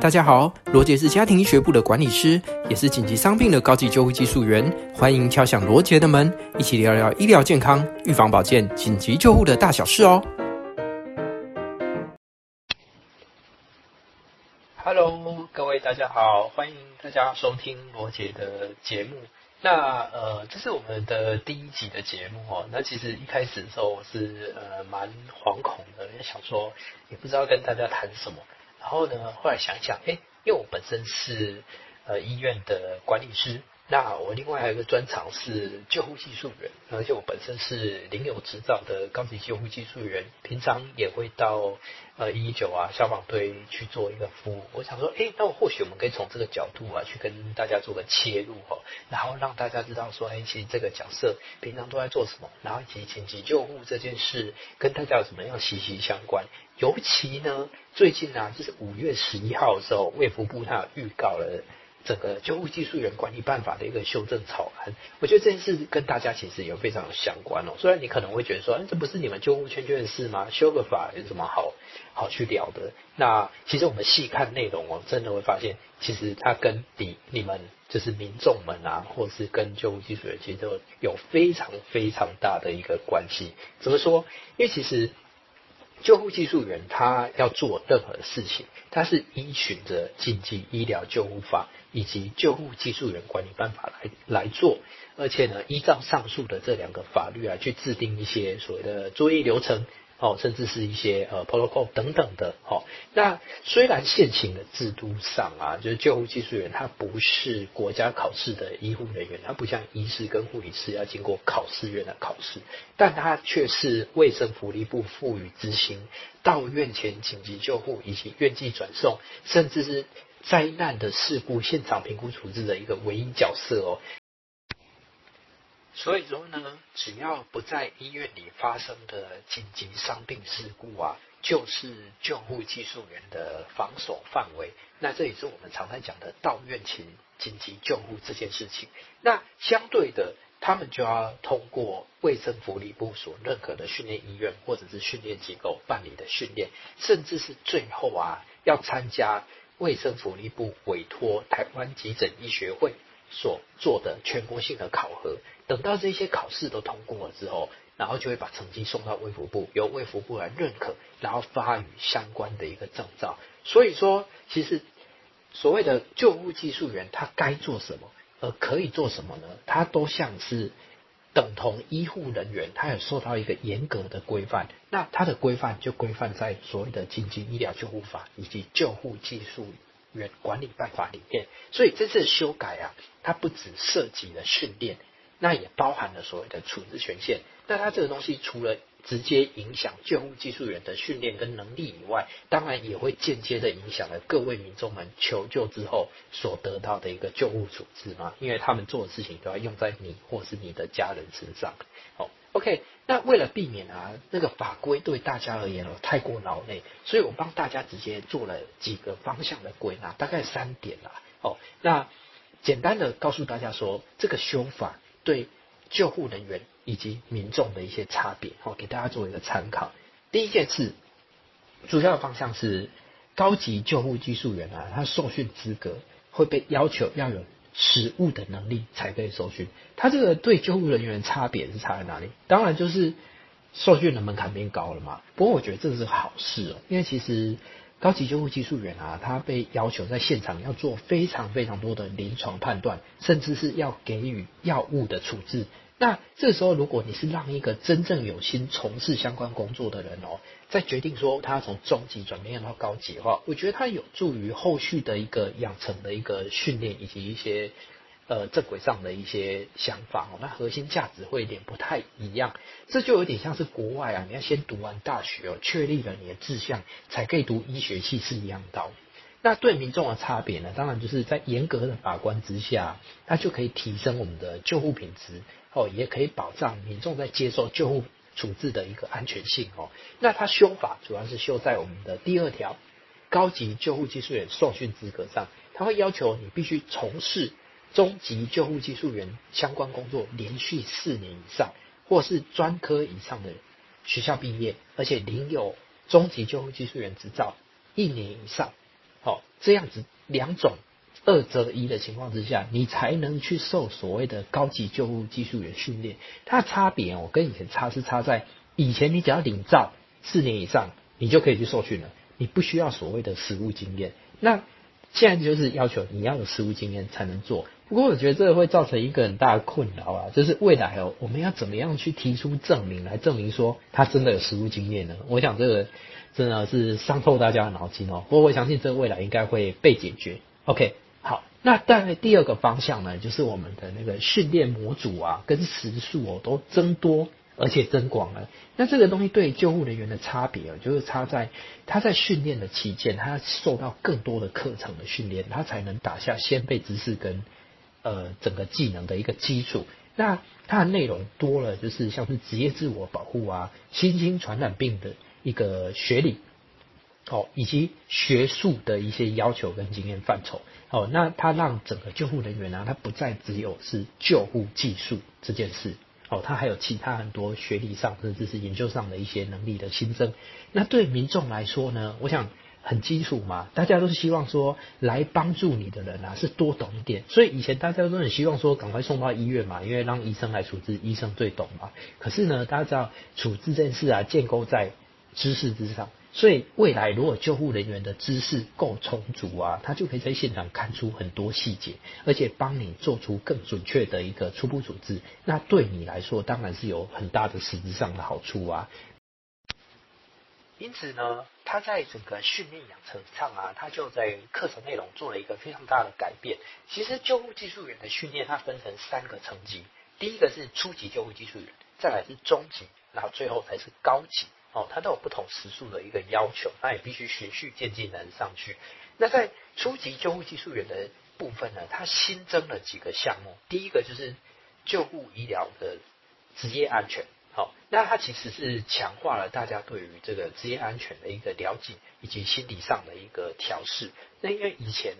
大家好，羅傑是家庭醫學部的管理師，也是緊急傷病的高級救護技術員。歡迎敲響羅傑的門，一起聊聊醫療健康、預防保健、緊急救護的大小事哦。Hello，各位大家好，歡迎大家收聽羅傑的節目。那呃，這是我們的第一集的節目哦。那其實一開始的時候，我是呃蠻惶恐的，因為想說也不知道跟大家談什麼。然後呢，後來想一想，哎，因為我本身是呃醫院的管理師。那我另外還有一個專長是救護技術員，而且我本身是領有執照的高級救護技術員，平常也會到呃一九啊消防隊去做一個服務。我想說，誒、欸、那我或許我們可以從這個角度啊去跟大家做個切入齁，然後讓大家知道說，誒、欸、其實這個角色平常都在做什麼，然後緊急救護這件事跟大家有什麼樣息息相關。尤其呢，最近呢、啊，就是五月十一號的時候，衛福部它預告了。整個救護技術員管理辦法的一個修正草案，我覺得這件事跟大家其實有非常相關哦。雖然你可能會覺得說，這不是你們救護圈圈的事嗎？修個法有什麼好好去聊的？那其實我們細看內容，我真的會發現，其實它跟你你們就是民眾們啊，或是跟救護技術員，其實都有非常非常大的一個關係。怎麼說？因為其實救護技術員他要做任何的事情，他是依循着《緊急醫療救護法》。以及救護技術員管理辦法來來做，而且呢，依照上述的這兩個法律啊，去制定一些所謂的注意流程，哦，甚至是一些呃 protocol 等等的，好，哦。那雖然現行的制度上啊，就是救護技術員他不是國家考試的醫護人員，他不像醫師跟護理師要經過考試院的考試，但他卻是衛生福利部賦予執行到院前緊急救護以及院際轉送，甚至是。災難的事故現場評估處置的一個唯一角色哦，所以說呢，只要不在醫院裡發生的緊急傷病事故啊，就是救護技術員的防守範圍。那這也是我們常常講的到院前緊急救護這件事情。那相對的，他們就要通過衛生福利部所認可的訓練醫院或者是訓練機構辦理的訓練，甚至是最後啊，要參加。衛生福利部委托台灣急診醫學會所做的全國性的考核，等到這些考試都通過了之後，然後就會把成績送到衛福部，由衛福部來認可，然後發予相關的一個證照。所以說，其實所謂的救護技術員，他該做什麼，而可以做什麼呢？他都像是。等同醫護人員，他有受到一個嚴格的規範。那他的規範就規範在所謂的《緊急醫療救護法》以及《救護技術員管理辦法》裡面。所以這次修改啊，它不只涉及了訓練。那也包含了所謂的處置權限，那它這個東西除了直接影響救護技術員的訓練跟能力以外，當然也會間接的影響了各位民眾們求救之後所得到的一個救護處置嘛，因為他們做的事情都要用在你或是你的家人身上。好，OK，那為了避免啊，那個法規對大家而言哦、喔、太過勞累，所以我幫大家直接做了幾個方向的歸納，大概三點啦。哦，那簡單的告訴大家說，這個修法。對救護人員以及民眾的一些差別，好給大家做一個參考。第一件事，主要的方向是高級救護技術員啊，他受訓資格會被要求要有實務的能力才可以受訓。他這個對救護人員差別是差在哪裡？當然就是受訓的門檻變高了嘛。不過我覺得這個是好事哦、喔，因為其實。高級救護技術員啊，他被要求在現場要做非常非常多的臨床判斷，甚至是要給予藥物的處置。那這時候，如果你是讓一個真正有心從事相關工作的人哦、喔，再決定說他從中級轉變到高級的話，我覺得他有助於後續的一個養成的一個訓練以及一些。呃，正軌上的一些想法哦，那核心價值會有點不太一樣，這就有點像是國外啊，你要先讀完大學哦，確立了你的志向，才可以讀醫學系是一樣的道理。那對民眾的差別呢？當然就是在嚴格的把關之下，它就可以提升我們的救護品質哦，也可以保障民眾在接受救護處置的一個安全性哦。那它修法主要是修在我們的第二條高級救護技術員受訓資格上，他會要求你必須從事。中級救護技術員相關工作連續四年以上，或是專科以上的學校畢業，而且領有中級救護技術員執照一年以上，哦，這樣子兩種二擇一的情況之下，你才能去受所謂的高級救護技術員訓練。它的差別哦，跟以前差是差在以前你只要領照四年以上，你就可以去受訓了，你不需要所謂的實務經驗。那現在就是要求你要有實務經驗才能做。不過我覺得這個會造成一個很大的困擾啊，就是未來哦，我們要怎麼樣去提出證明來證明說他真的有實務經驗呢？我想這個真的是傷透大家的腦筋哦。不過我相信這個未來應該會被解決。OK，好，那大概第二個方向呢，就是我們的那個訓練模組啊，跟時數哦、啊、都增多而且增廣了。那這個東西對救護人員的差別、啊，就是差在他在訓練的期間，他要受到更多的課程的訓練，他才能打下先備知識跟。呃，整個技能的一個基礎，那它的內容多了，就是像是職業自我保護啊，新興傳染病的一個學理，哦，以及學術的一些要求跟經驗範疇，哦，那它讓整個救護人員啊，他不再只有是救護技術這件事，哦，他還有其他很多學歷上甚至是研究上的一些能力的新增。那對民眾來說呢，我想。很基礎嘛，大家都是希望說來幫助你的人啊是多懂一點，所以以前大家都很希望說趕快送到醫院嘛，因為讓醫生來處置，醫生最懂嘛。可是呢，大家知道處置這件事啊，建構在知識之上，所以未來如果救護人員的知識夠充足啊，他就可以在現場看出很多細節，而且幫你做出更準確的一個初步處置。那對你來說當然是有很大的實質上的好處啊。因此呢，他在整個訓練養成上啊，他就在課程內容做了一個非常大的改變。其實救護技術員的訓練，它分成三個層級，第一個是初級救護技術員，再來是中級，然後最後才是高級。哦，它都有不同時數的一個要求，那也必須循序漸進的上去。那在初級救護技術員的部分呢，它新增了幾個項目，第一個就是救護醫療的職業安全。好，那它其實是強化了大家對於這個職業安全的一個了解，以及心理上的一個調試。那因為以前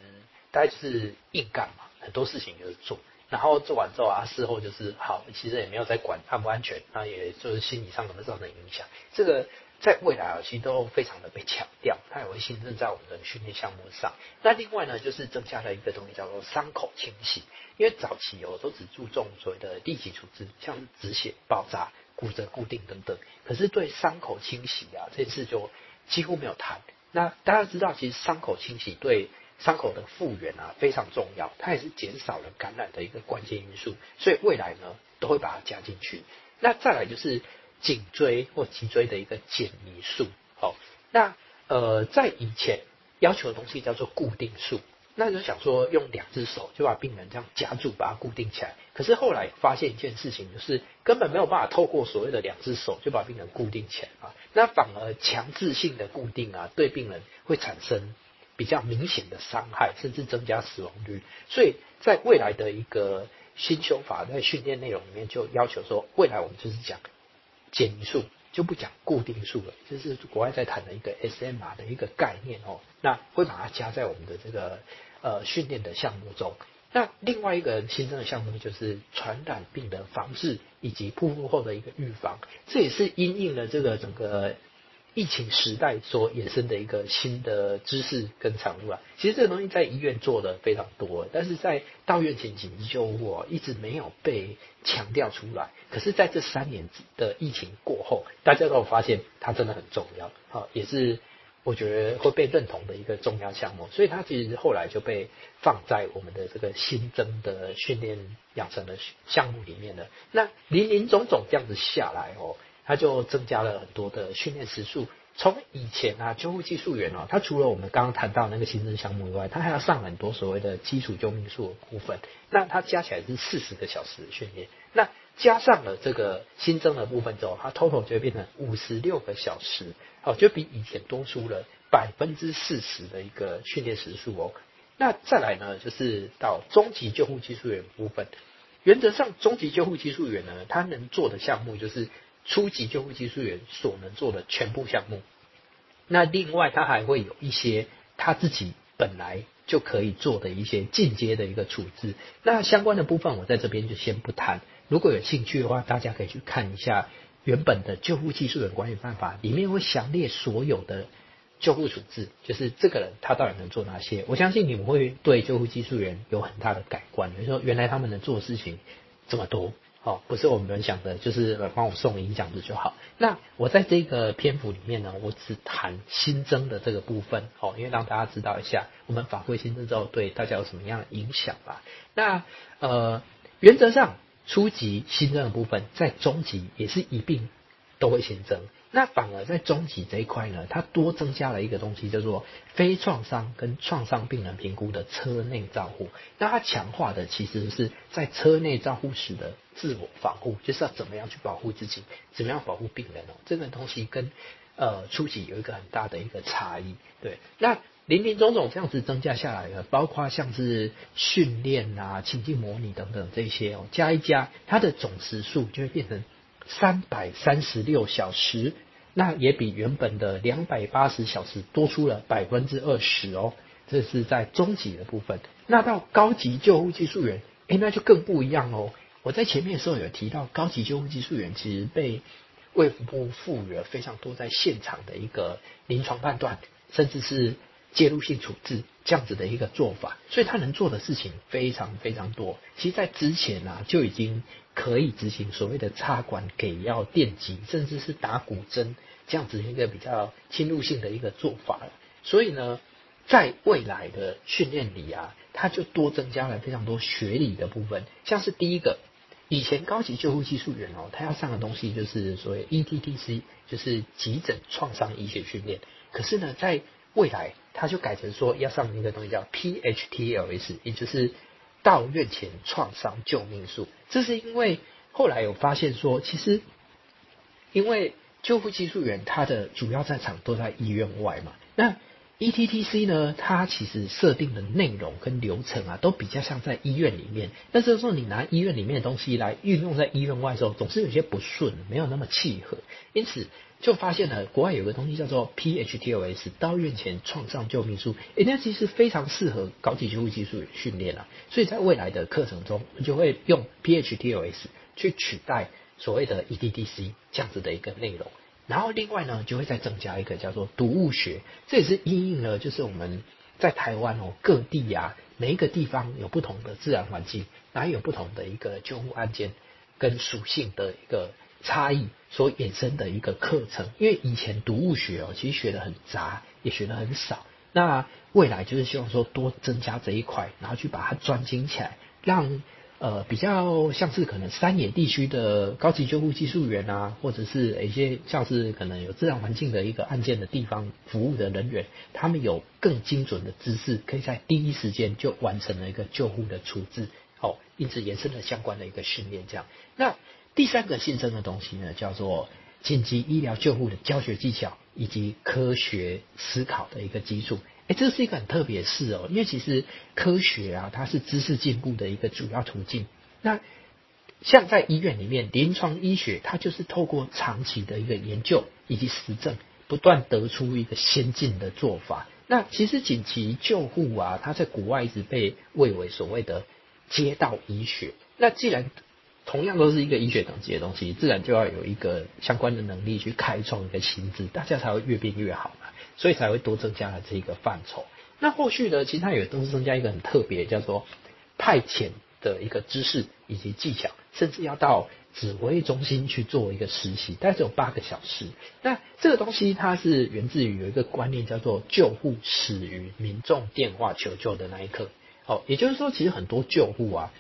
大家就是硬幹嘛，很多事情就是做，然後做完之後啊，事後就是好，其實也沒有在管安不安全，那、啊、也就是心理上可能造成影響。這個在未來啊，其實都非常的被強調，它也會新增在我們的訓練項目上。那另外呢，就是增加了一個東西叫做傷口清洗，因為早期我、哦、都只注重所謂的立即處置，像止血、包紮。骨折固定等等，可是對傷口清洗啊，這件事就幾乎沒有談。那大家知道，其實傷口清洗對傷口的復原啊非常重要，它也是減少了感染的一個關鍵因素。所以未來呢，都會把它加進去。那再來就是頸椎或脊椎的一個減移術。好，那呃，在以前要求的東西叫做固定術。那就想說用兩隻手就把病人這樣夾住，把它固定起來。可是後來發現一件事情，就是根本沒有辦法透過所謂的兩隻手就把病人固定起來啊。那反而強制性的固定啊，對病人會產生比較明顯的傷害，甚至增加死亡率。所以在未來的一個新修法在訓練內容裡面，就要求說，未來我們就是講減速。就不講固定數了，這是國外在談的一個 S M 碼的一個概念哦，那會把它加在我們的這個呃訓練的項目中。那另外一個新增的項目就是傳染病的防治以及術後的一個預防，這也是因應了這個整個。疫情時代所衍生的一個新的知識跟產物，啊，其實這個東西在醫院做的非常多，但是在到院前緊急救護一直沒有被強調出來。可是，在這三年的疫情過後，大家都發現它真的很重要，好，也是我覺得會被認同的一個重要項目。所以，它其實後來就被放在我們的這個新增的訓練養成的項目裡面了。那林林總總這樣子下來哦。他就增加了很多的訓練時數。從以前啊，救護技術員哦，他除了我們剛剛談到那個新增項目以外，他還要上很多所謂的基礎救命術部分。那他加起來是四十個小時的訓練，那加上了這個新增的部分之後，他 total 就會變成五十六個小時，哦，就比以前多出了百分之四十的一個訓練時數哦。那再來呢，就是到中級救護技術員部分，原則上中級救護技術員呢，他能做的項目就是。初級救護技術員所能做的全部項目，那另外他還會有一些他自己本來就可以做的一些進階的一個處置。那相關的部分我在這邊就先不談，如果有興趣的話，大家可以去看一下原本的救護技術員管理辦法裡面會詳列所有的救護處置，就是這個人他到底能做哪些。我相信你們會對救護技術員有很大的改觀，比如說原來他們能做的事情這麼多。哦，不是我們講的，就是幫我送影響的就好。那我在這個篇幅裡面呢，我只談新增的這個部分。哦，因為讓大家知道一下，我們法規新增之後對大家有什麼樣的影響吧。那呃，原則上初級新增的部分，在中級也是一併都會新增。那反而在中級這一塊呢，它多增加了一個東西，叫做非創傷跟創傷病人評估的車內照護。那它強化的其實是在車內照護時的。自我防護就是要怎麼樣去保護自己，怎麼樣保護病人哦、喔。這個東西跟呃初級有一個很大的一個差異，對。那林林總總這樣子增加下來的，包括像是訓練啊、情境模擬等等這些哦、喔，加一加，它的總時數就會變成三百三十六小時，那也比原本的兩百八十小時多出了百分之二十哦。這是在中級的部分，那到高級救護技術員，哎、欸，那就更不一樣哦、喔。我在前面的時候有提到，高級救護技術員其實被衛福部賦予了非常多在現場的一個臨床判斷，甚至是介入性處置這樣子的一個做法，所以他能做的事情非常非常多。其實，在之前啊，就已經可以執行所謂的插管、給藥、電擊，甚至是打骨針這樣子一個比較侵入性的一個做法了。所以呢，在未來的訓練裡啊，他就多增加了非常多學理的部分，像是第一個。以前高級救護技術員哦、喔，他要上的東西就是所謂 EDTC，就是急診創傷醫學訓練。可是呢，在未來他就改成說要上一個東西叫 PHTLS，也就是到院前創傷救命術。這是因為後來有發現說，其實因為救護技術員他的主要戰場都在醫院外嘛，那。E T T C 呢，它其實設定的內容跟流程啊，都比較像在醫院裡面。但是，是說你拿醫院裡面的東西來運用在醫院外的時候，總是有些不順，沒有那麼契合。因此就發現了國外有個東西叫做 P H T L S，到院前創傷救命術，人、欸、家其實非常適合高級救護技術訓練了、啊。所以在未來的課程中，你就會用 P H T L S 去取代所謂的 E T T C 這樣子的一個內容。然後另外呢，就會再增加一個叫做毒物學，這也是因應了，就是我們在台灣哦，各地呀、啊，每一個地方有不同的自然環境，哪有不同的一個救護案件跟屬性的一個差異所衍生的一個課程。因為以前毒物學哦，其實學得很雜，也學得很少。那未來就是希望說多增加這一塊，然後去把它專精起來，讓。呃，比較像是可能山野地區的高級救護技術員啊，或者是一些像是可能有自然環境的一個案件的地方服務的人員，他們有更精準的知識，可以在第一時間就完成了一個救護的處置，哦，因此延伸了相關的一個訓練。這樣，那第三個新增的東西呢，叫做緊急醫療救護的教學技巧以及科學思考的一個基礎。哎，這是一個很特別事哦，因為其實科學啊，它是知識進步的一個主要途徑。那像在醫院裡面，臨床醫學它就是透過長期的一個研究以及實證，不斷得出一個先進的做法。那其實緊急救護啊，它在國外一直被謂為所謂的街道醫學。那既然同樣都是一個醫學等級的東西，自然就要有一個相關的能力去開創一個新資，大家才會越變越好嘛。所以才會多增加了這一個範疇。那後續呢？其實它也都是增加一個很特別，叫做派遣的一個知識以及技巧，甚至要到指揮中心去做一個實習，但是有八個小時。那這個東西它是源自於有一個觀念，叫做救護始於民眾電話求救的那一刻。哦，也就是說，其實很多救護啊，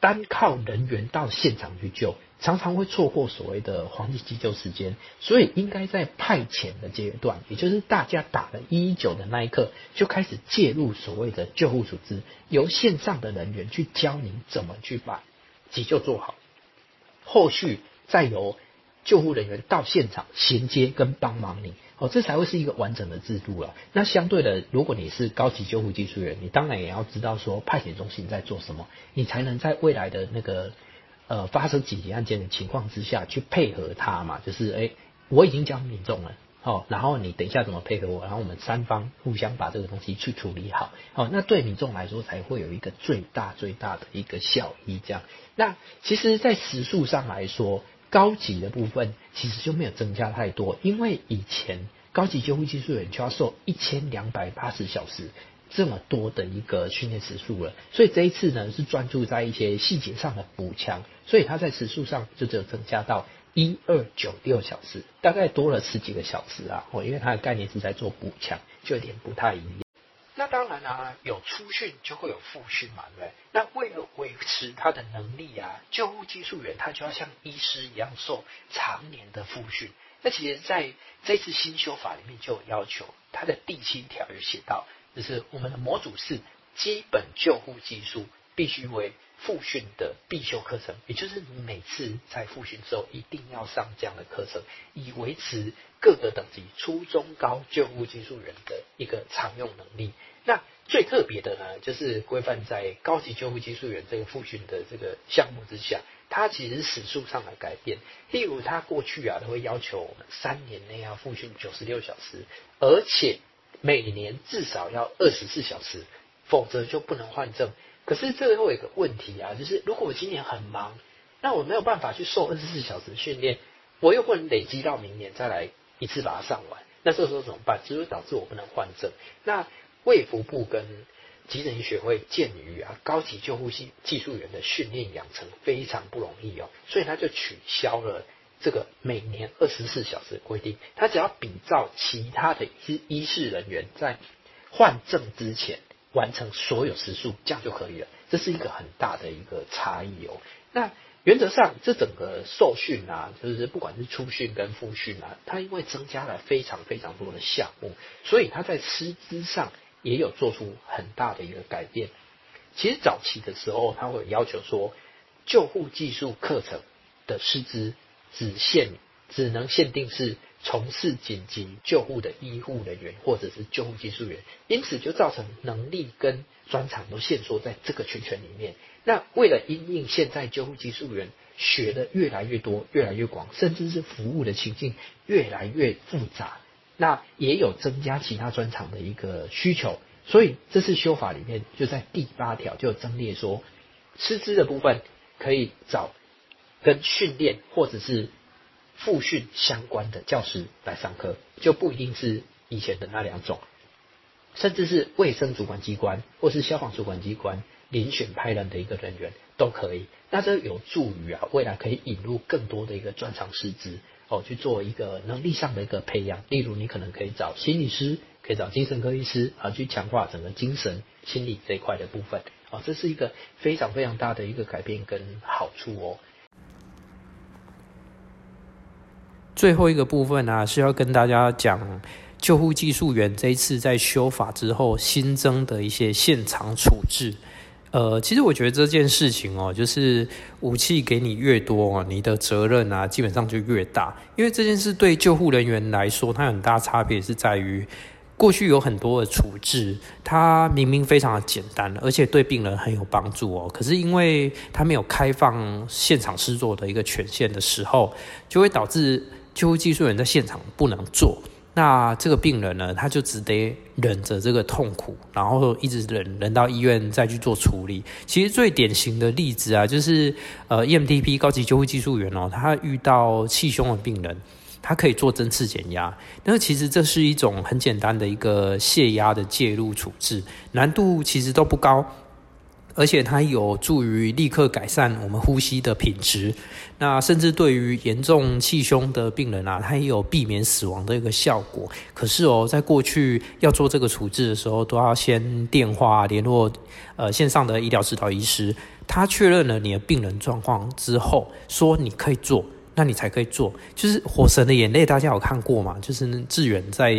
單靠人員到現場去救。常常會錯過所謂的黃金急救時間，所以應該在派遣的階段，也就是大家打了一一九的那一刻，就開始介入所謂的救護組織，由線上的人員去教您怎麼去把急救做好。後續再由救護人員到現場銜接跟幫忙你，哦，這才會是一個完整的制度了，啊。那相對的，如果你是高級救護技術員，你當然也要知道說，派遣中心在做什麼，你才能在未來的那個。呃，發生緊急，急案件的情況之下，去配合他嘛，就是誒、欸、我已經教民眾了、哦，然後你等一下怎麼配合我，然後我們三方互相把這個東西去處理好，哦、那對民眾來說才會有一個最大最大的一個效益。這樣，那其實，在時數上來說，高級的部分其實就沒有增加太多，因為以前高級救護技術員就要受一千兩百八十小時。這麼多的一個訓練時數了，所以這一次呢，是專注在一些細節上的補強，所以他在時數上就只有增加到一二九六小時，大概多了十幾個小時啊！因為他的概念是在做補強，就有點不太一樣。那當然啊，有初訓就會有復訓嘛，對不對？那為了維持他的能力啊，救護技術員他就要像醫師一樣受常年的復訓。那其實在這一次新修法裡面就有要求，他的第七條有寫到。就是我們的模組是基本救護技術，必須為複訓的必修課程。也就是你每次在複訓之後，一定要上這樣的課程，以維持各個等級初中高救護技術員的一個常用能力。那最特別的呢，就是規範在高級救護技術員這個複訓的這個項目之下，它其實時數上的改變。例如，他過去啊，他會要求我們三年內要複訓九十六小時，而且。每年至少要二十四小時，否則就不能換證。可是最後一個問題啊，就是如果我今年很忙，那我沒有辦法去受二十四小時的訓練，我又不能累積到明年再來一次把它上完，那這時候怎麼辦？就會導致我不能換證。那衛福部跟急診學會鑒於啊高級救護系技術員的訓練養成非常不容易哦，所以他就取消了。這個每年二十四小時規定，他只要比照其他的一些醫事人員在換證之前完成所有時數，這樣就可以了。這是一個很大的一個差異哦。那原則上，這整個受訓啊，就是不管是初訓跟復訓啊，它因為增加了非常非常多的項目，所以它在師資上也有做出很大的一個改變。其實早期的時候，他會要求說，救護技術課程的師資。只限只能限定是從事緊急救護的醫護人員或者是救護技術員，因此就造成能力跟專長都限縮在這個圈圈裡面。那為了因應現在救護技術員學得越來越多、越來越廣，甚至是服務的情境越來越複雜，那也有增加其他專長的一個需求。所以這次修法裡面就在第八條就增列說，師資的部分可以找。跟訓練或者是復訓相關的教師來上課，就不一定是以前的那兩種，甚至是衛生主管機關或是消防主管機關遴選派人的一個人員都可以。那這有助於啊，未來可以引入更多的一個專長師資哦，去做一個能力上的一個培養。例如，你可能可以找心理師，可以找精神科醫師啊，去強化整個精神心理這一塊的部分啊、哦。這是一個非常非常大的一個改變跟好處哦。最後一個部分呢、啊，是要跟大家講救護技術員這一次在修法之後新增的一些現場處置。呃，其實我覺得這件事情哦、喔，就是武器給你越多，你的責任啊，基本上就越大。因為這件事對救護人員來說，它有很大差別是在於過去有很多的處置，它明明非常的簡單，而且對病人很有幫助哦、喔。可是因為它沒有開放現場制作的一個權限的時候，就會導致。救護技術員在現場不能做，那這個病人呢，他就只得忍着這個痛苦，然後一直忍忍到醫院再去做處理。其實最典型的例子啊，就是呃 EMTP 高級救護技術員哦、喔，他遇到氣胸的病人，他可以做針刺減壓，那其實這是一種很簡單的一個泄壓的介入處置，難度其實都不高。而且它有助於立刻改善我們呼吸的品質，那甚至對於嚴重氣胸的病人啊，它也有避免死亡的一個效果。可是哦，在過去要做這個處置的時候，都要先電話聯絡呃線上的醫療指導醫師，他確認了你的病人狀況之後，說你可以做，那你才可以做。就是《火神的眼淚》，大家有看過嗎？就是志遠在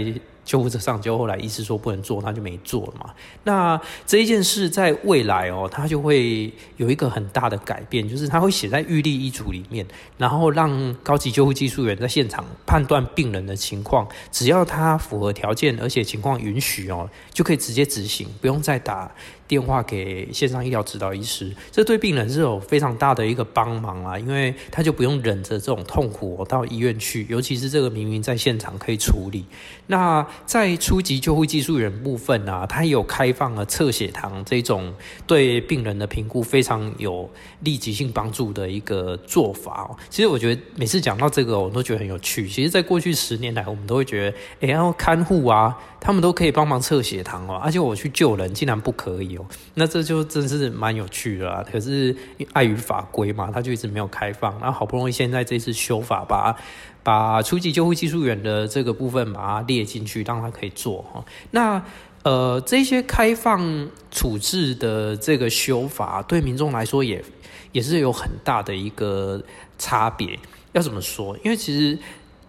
救護車上交，後來醫師說不能做，他就沒做了嘛。那這一件事在未來哦，他就會有一個很大的改變，就是他會寫在預立醫囑裡面，然後讓高級救護技術員在現場判斷病人的情況，只要他符合條件，而且情況允許哦，就可以直接執行，不用再打。電話給線上醫療指導醫師，這對病人是有非常大的一個幫忙啊，因為他就不用忍着這種痛苦、哦、到醫院去，尤其是這個明明在現場可以處理。那在初級救護技術員部分啊，他也有開放了測血糖這種對病人的評估非常有立即性幫助的一個做法哦。其實我覺得每次講到這個，我都覺得很有趣。其實，在過去十年來，我們都會覺得，哎，然後看護啊，他們都可以幫忙測血糖哦、啊，而且我去救人竟然不可以。那這就真是蠻有趣的啦。可是礙於法規嘛，他就一直沒有開放。那好不容易現在這次修法把，把把初級救護技術員的這個部分把它列進去，讓他可以做。那呃，這些開放處置的這個修法，對民眾來說也也是有很大的一個差別。要怎麼說？因為其實。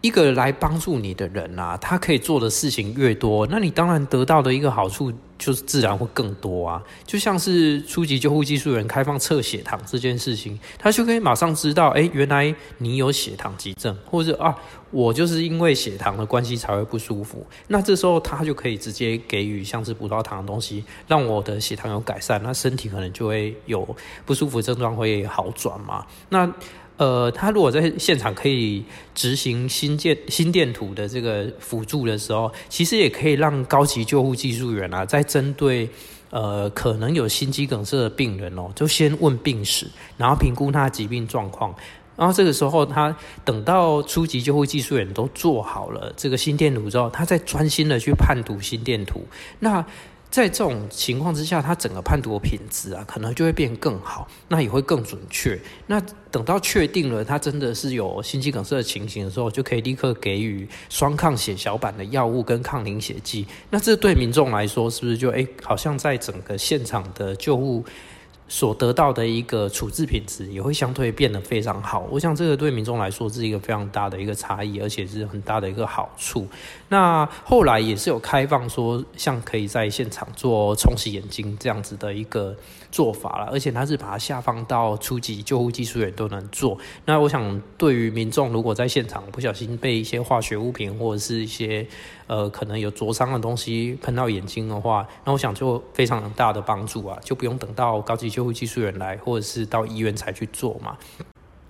一個來幫助你的人啊，他可以做的事情越多，那你當然得到的一個好處就是自然會更多啊。就像是初級救護技術員開放測血糖這件事情，他就可以馬上知道，誒、欸，原來你有血糖急症，或者啊，我就是因為血糖的關係才會不舒服。那這時候他就可以直接給予像是葡萄糖的東西，讓我的血糖有改善，那身體可能就會有不舒服症狀會好轉嘛。那呃，他如果在現場可以執行心電心電圖的這個輔助的時候，其實也可以讓高級救護技術員啊，在針對呃可能有心肌梗塞的病人哦、喔，就先問病史，然後評估他的疾病狀況，然後這個時候他等到初級救護技術員都做好了這個心電圖之後，他再專心的去判讀心電圖。那在這種情況之下，它整個判讀品質啊，可能就會變更好，那也會更準確。那等到確定了它真的是有心肌梗塞的情形的時候，就可以立刻給予雙抗血小板的藥物跟抗凝血劑。那這對民眾來說，是不是就哎、欸，好像在整個現場的救護？所得到的一個處置品質也會相對變得非常好，我想這個對民眾來說是一個非常大的一個差異，而且是很大的一個好處。那後來也是有開放說，像可以在現場做沖洗眼睛這樣子的一個。做法了，而且它是把它下放到初級救護技術員都能做。那我想，對於民眾如果在現場不小心被一些化學物品或者是一些呃可能有灼傷的東西噴到眼睛的話，那我想就非常大的幫助啊，就不用等到高級救護技術員來或者是到醫院才去做嘛。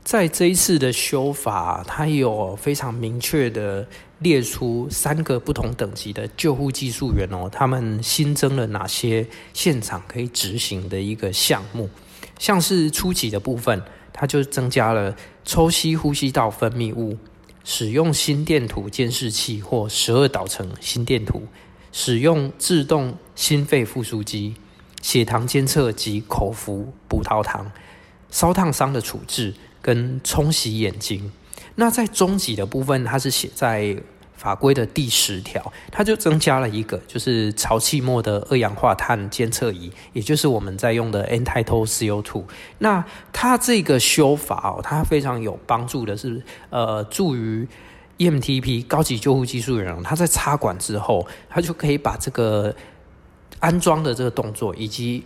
在這一次的修法，它有非常明確的。列出三個不同等級的救護技術員哦，他們新增了哪些現場可以執行的一個項目？像是初級的部分，它就增加了抽吸呼吸道分泌物，使用心電圖監視器或十二導程心電圖，使用自動心肺復甦機，血糖監測及口服葡萄糖，燒燙傷的處置跟沖洗眼睛。那在中級的部分，它是寫在法規的第十條，它就增加了一個，就是潮氣末的二氧化碳監測儀，也就是我們在用的 End-tidal CO two。那它這個修法哦，它非常有幫助的是，呃，助於 EMTP 高級救護技術員，他在插管之後，他就可以把這個安裝的這個動作以及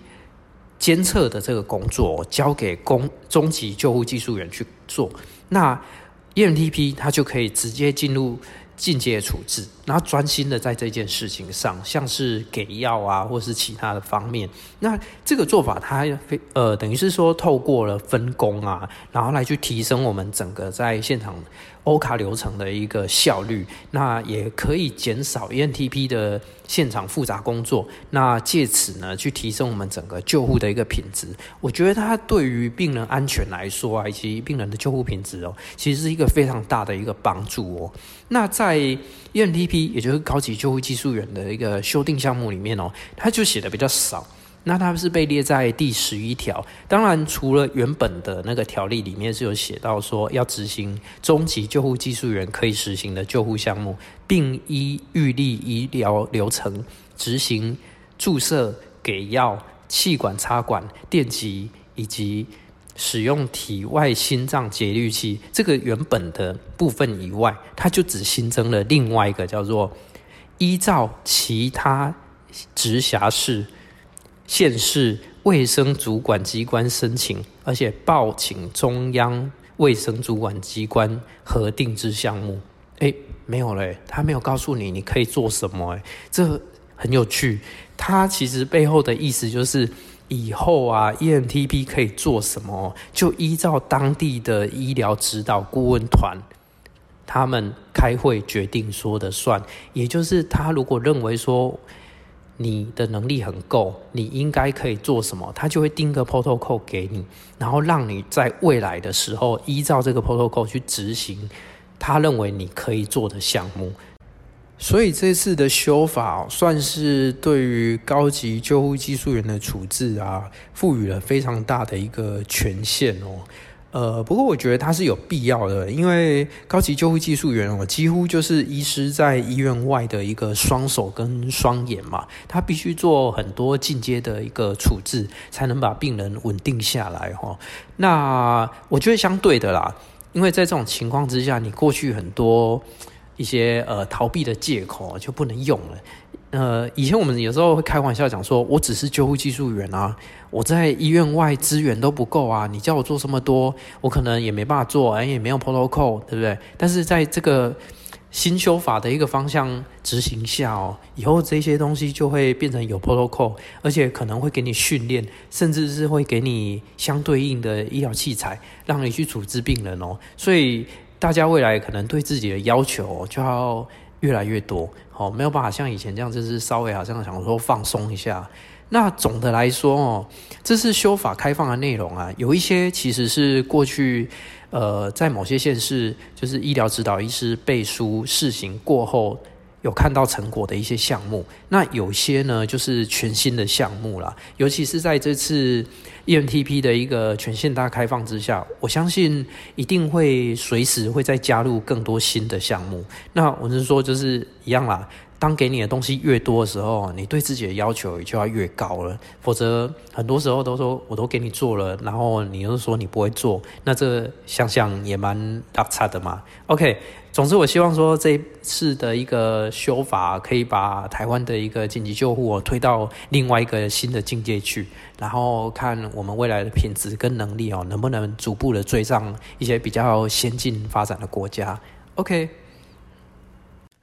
監測的這個工作交給工中級救護技術員去做。那 E.M.T.P. 它就可以直接進入進階處置，然後專心的在這件事情上，像是給藥啊，或是其他的方面。那這個做法它，它非呃等於是說透過了分工啊，然後來去提升我們整個在現場。歐卡流程的一個效率，那也可以減少 EMTP 的現場複雜工作，那借此呢，去提升我們整個救護的一個品質。我覺得它對於病人安全來說啊，以及病人的救護品質哦、喔，其實是一個非常大的一個幫助哦、喔。那在 EMTP，也就是高級救護技術員的一個修訂項目裡面哦、喔，它就寫的比較少。那它是被列在第十一條。當然，除了原本的那個條例裡面是有寫到說要執行中級救護技術員可以執行的救護項目，並依預立醫療流程執行注射、給藥、氣管插管、電擊以及使用體外心臟節律器，這個原本的部分以外，它就只新增了另外一個叫做依照其他直轄市。縣市衛生主管機關申請，而且報請中央衛生主管機關核定之項目。哎、欸，沒有嘞，他沒有告訴你你可以做什麼、欸。哎，這很有趣。他其實背後的意思就是，以後啊，EMTP 可以做什麼，就依照當地的醫療指導顧問團他們開會決定說了算。也就是他如果認為說。你的能力很夠，你應該可以做什麼，他就會定個 protocol 給你，然後讓你在未來的時候依照這個 protocol 去執行他認為你可以做的項目。所以這次的修法算是對於高級救護技術員的處置啊，賦予了非常大的一個權限哦。呃，不過我覺得他是有必要的，因為高級救護技術員，哦，幾乎就是醫師在醫院外的一個雙手跟雙眼嘛，他必須做很多進階的一個處置，才能把病人穩定下來哦。那，我覺得相對的啦，因為在這種情況之下，你過去很多一些呃逃避的借口就不能用了。呃，以前我們有時候會開玩笑講說，我只是救護技術員啊，我在醫院外資源都不夠啊，你叫我做這麼多，我可能也沒辦法做，哎，也沒有 protocol，對不對？但是在這個新修法的一個方向執行下哦，以後這些東西就會變成有 protocol，而且可能會給你訓練，甚至是會給你相對應的醫療器材，讓你去處置病人哦。所以大家未來可能對自己的要求就要。越來越多，好、哦、沒有辦法像以前這樣，就是稍微好像想說放鬆一下。那總的來說哦，這是修法開放的內容啊，有一些其實是過去，呃，在某些縣市就是醫療指導醫師背書試行過後。有看到成果的一些項目，那有些呢就是全新的項目了，尤其是在這次 EMTP 的一個全線大開放之下，我相信一定會隨時會再加入更多新的項目。那我是說，就是一樣啦。當給你的東西越多的時候，你對自己的要求也就要越高了，否則很多時候都說我都給你做了，然後你又說你不會做，那這想想也蠻落差的嘛。OK，總之我希望說這次的一個修法可以把台灣的一個緊急救護推到另外一個新的境界去，然後看我們未來的品質跟能力哦能不能逐步的追上一些比較先進發展的國家。OK。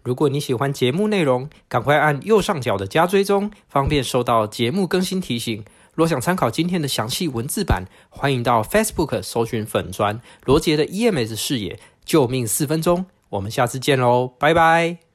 如果你喜歡節目內容，趕快按右上角的加追蹤，方便收到節目更新提醒。若想參考今天的詳細文字版，歡迎到 Facebook 搜尋粉專，羅傑的 EMS 視野，救命四分鐘。我們下次見嘍，拜拜。